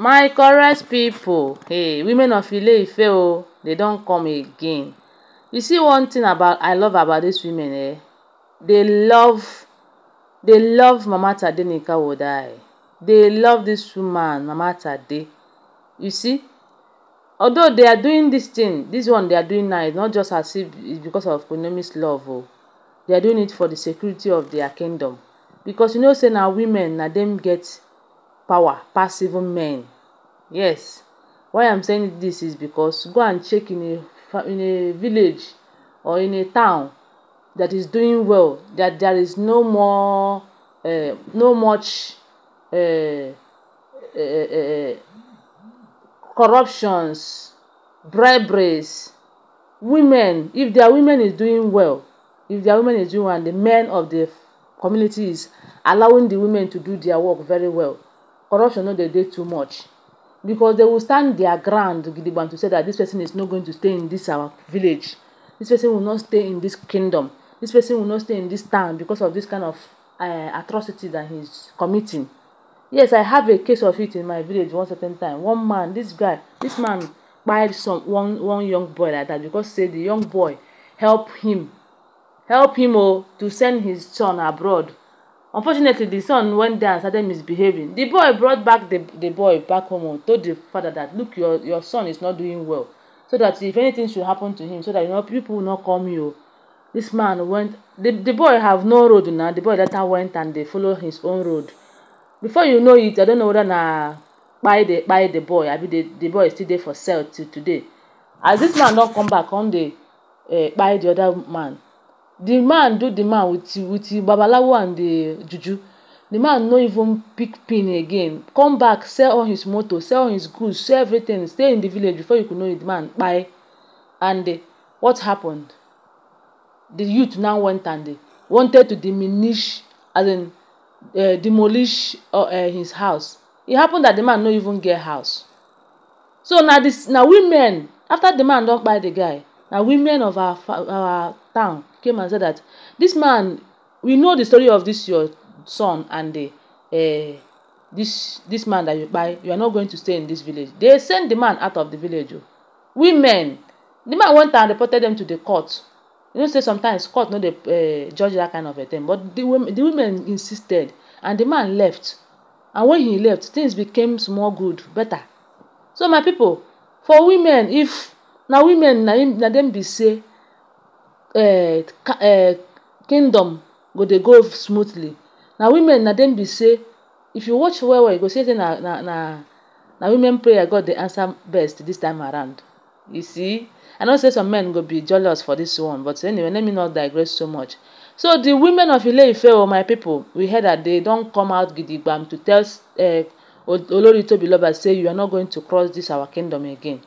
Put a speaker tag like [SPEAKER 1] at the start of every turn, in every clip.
[SPEAKER 1] my correct people, hey, women of ile-ife ooo they don come again you see one thing about i love about these women um they love they love mama tadenike wodah um they love this woman mama tade you see although they are doing this thing this one they are doing now is not just as if it's because of economics love oh, they are doing it for the security of their kingdom because you know say now women na them get power pass even men. Yes, why I'm saying this is because go and check in a, in a village or in a town that is doing well, that there is no more, uh, no much uh, uh, corruptions, briberies. Women, if their women is doing well, if their women is doing well, and the men of the community is allowing the women to do their work very well, corruption no dey dey too much because they will stand their ground gidigba to say that this person is not going to stay in this our uh, village this person will not stay in this kingdom this person will not stay in this town because of this kind of uh, atrocity that he is committing yes i have a case of it in my village one certain time one man this guy this man kpai some one one young boy like that because say the young boy help him help him o oh, to send his son abroad Unfortunately, the son went there and started misbehaving. The boy brought back the, the boy back home and told the father that, look, your, your son is not doing well. So that if anything should happen to him, so that you know, people will not come you. Oh. This man went, the, the boy have no road now. The boy later went and they follow his own road. Before you know it, I don't know whether na buy the, buy the boy. I mean, the, the boy is still there for sale till today. As this man don't come back on the, uh, buy the other man, the man do the man with with babalawo and the juju the man no even pick pin again come back sell all his motor sell all his goods sell everything stay in the village before you go know the man kpai and uh, what happened the youth now went and uh, wanted to diminish as in uh, demolish uh, uh, his house It happened that the man no even get house so na this na women after the man don kpai the guy na women of our our town came and said that this man we know the story of this your son and the uh, this this man that you kpai you are not going to stay in this village they sent the man out of the village o oh. women the man went and reported them to the court you know say sometimes court no dey uh, judge that kind of a thing but the women the women insisted and the man left and when he left things became small good better so my people for women if na women na im na dem be say Uh, uh, kingdom go dey go smoothly na women na dem be say if you watch well well you go see say na na na na women prayer God dey answer best this time around you see I know say some men go be jealous for this one but anyway let me not digress so much so the women of Ile-Ife o oh, my people we hear that they don come out gidigbam to tell uh, Olori Tobiloba say you are not going to cross this our kingdom again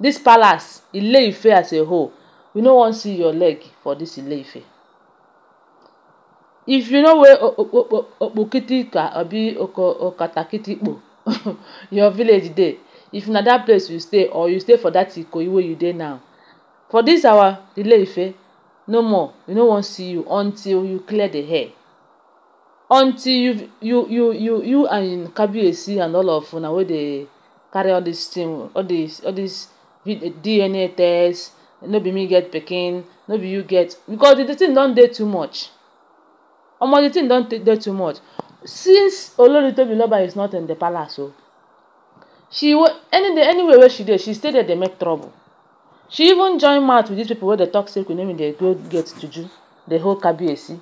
[SPEAKER 1] this palace Ile-Ife as a whole we no wan see your leg for dis ile If you no wear where ka abi Okatakitikpo your village dey, if na dat place you stay or you stay for dat Ikoyi wey you dey now, for dis our Ile-Ife no more, we no wan see you until you clear the hair. Until you you you you you and Kabiyesi and all of una wey dey carry all dis thing all dis all dis eh, DNA test no be me get pikin no be you get because the, thing don dey too much omo the thing don dey too much since olori Loba is not in the palace o oh, she any day anywhere wey she dey she stay there dey make trouble she even join mouth with these people wey dey talk say kunomi dey go get juju dey hold kabiyesi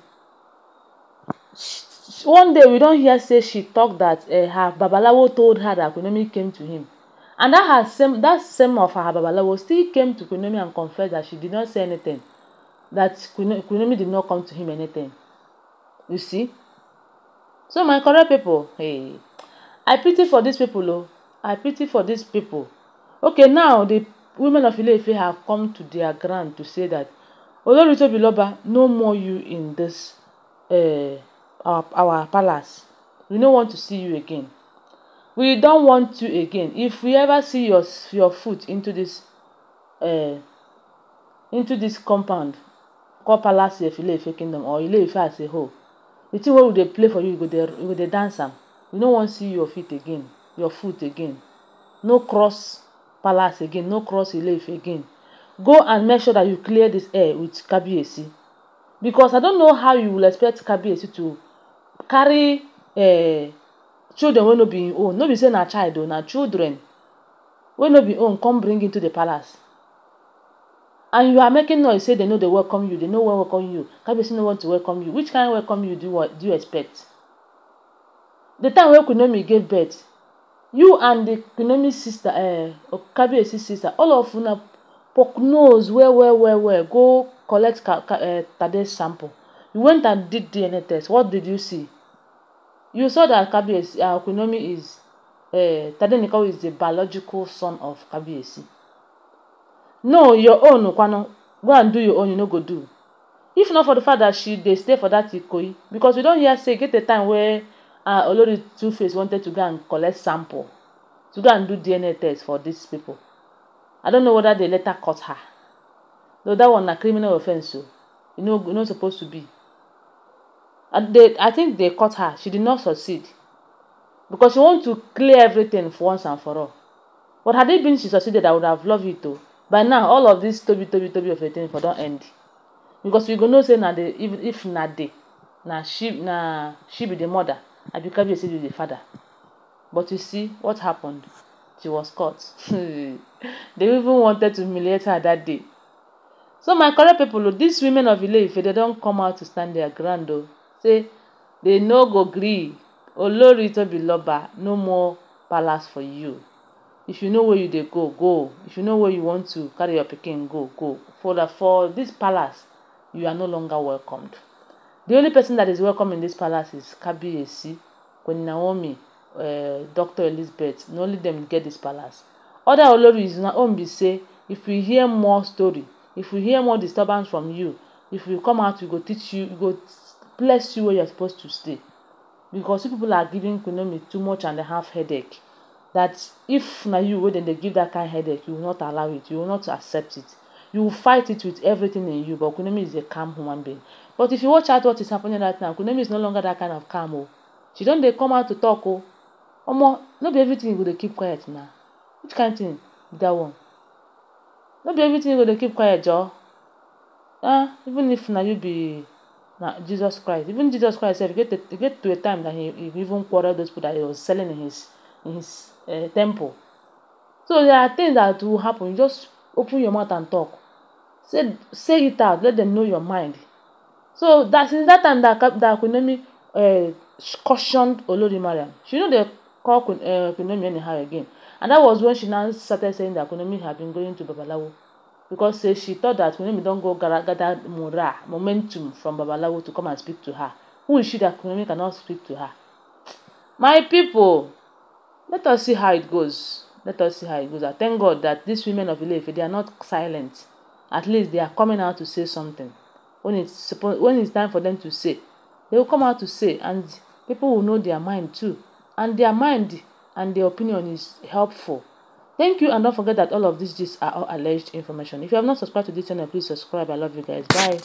[SPEAKER 1] one day we don hear say she talk that uh, her babalawo told her that kunomi came to him And that her same that same of her Babalawo still came to Kunomi and confessed that she did not say anything. That Kunomi did not come to him anything. You see? So my correct people, hey, I pity for these people, oh. I pity for these people. Okay, now the women of Ile-Ife have come to their ground to say that Olori Tobiloba, no more you in this uh, our, our palace. We no want to see you again we don't want you again if we ever see your your foot into this, uh, into this compound call palace of ileife kingdom or ileife as a whole the thing wey we they play for you you go there, you go dey dance am we want to see your feet again your foot again no cross palace again no cross ileife again go and make sure that you clear this air with kabiyesi because i don't know how you will expect kabiyesi to carry uh, children wey no be im oh, own no be say na child o oh, na children wey no be own oh, come bring into the palace and you are making noise say they no dey welcome you They no wan welcome you kabiyesi no want to welcome you which kind welcome you do you, do you expect the time wey kunomi give birth you and the kunomi sister uh, eh, kabiyesi sister all of una poke nose well well well well go collect ka, ka, eh. tade sample you went and did dna test what did you see You saw that Kabiyesi, uh, Okunomi is, uh, eh, Tadenikawo is the biological son of Kabiyesi. No, your own, Okwano, go and do your own, you no go do. If not for the fact that she they stay for that Ikoyi, because we don't hear say get the time where uh, Olori Two-Face wanted to go and collect sample, to go and do DNA test for these people. I don't know whether they let her cut her. No, that one a criminal offence o. Oh. So. E no, e no suppose to be. And they, I think they caught her. She did not succeed. Because she wanted to clear everything for once and for all. But had it been she succeeded, I would have loved you too. By now, all of this toby toby toby of a thing for don't end. Because we gonna say now the if if na they na she na she be the mother, and you can be be the father. But you see what happened. She was caught. they even wanted to humiliate her that day. So my correct people, oh, these women of Ile if they don't come out to stand their ground though. say dey no go gree olori to be tobiloba no more palace for you if you know where you dey go go if you know where you want to carry your pikin go go for the for this palace you are no longer welcomed the only person that is welcome in this palace is kabiyesi queen naomi uh, doctor elizabeth na only them get this palace other oloris na own be say if we hear more story if we hear more disturbance from you if we come out we go teach you we go place you where you're supposed to stay because if people are giving quinomi too much and they have headache that if na you wey dem they give that kind headache you will not allow it you will not accept it you will fight it with everything in you but quinomi is a calm human being but if you watch out what is happening right now quinomi is no longer that kind of calm Oh, she don dey come out to talk Oh, omo not be everything you go keep quiet na which kind thing that one Not be everything you go keep quiet joor eh ah, even if na you be Now jesus christ even jesus christ sef get to get to a time that he, he even quarrel those people that he was selling in his in his uh, temple so there are things that will happen you just open your mouth and talk say say it out let them know your mind so that since that time that that kunomi uh, eh, cautioned olori mariam she knew they call Kun, uh, eh, kunomi anyhow again and that was when she now started saying that kunomi had been going to babalawo because say eh, she thought that Kunemi don go gather mura momentum from Babalawo to come and speak to her. Who is she that Kunemi cannot speak to her? My people, let us see how it goes. Let us see how it goes. I thank God that these women of ile they are not silent. At least they are coming out to say something. When it's when it's time for them to say, they will come out to say, and people will know their mind too. And their mind and their opinion is helpful. Thank you and don't forget that all of these gists are all alleged information. If you have not subscribed to this channel, please subscribe. I love you guys. Bye.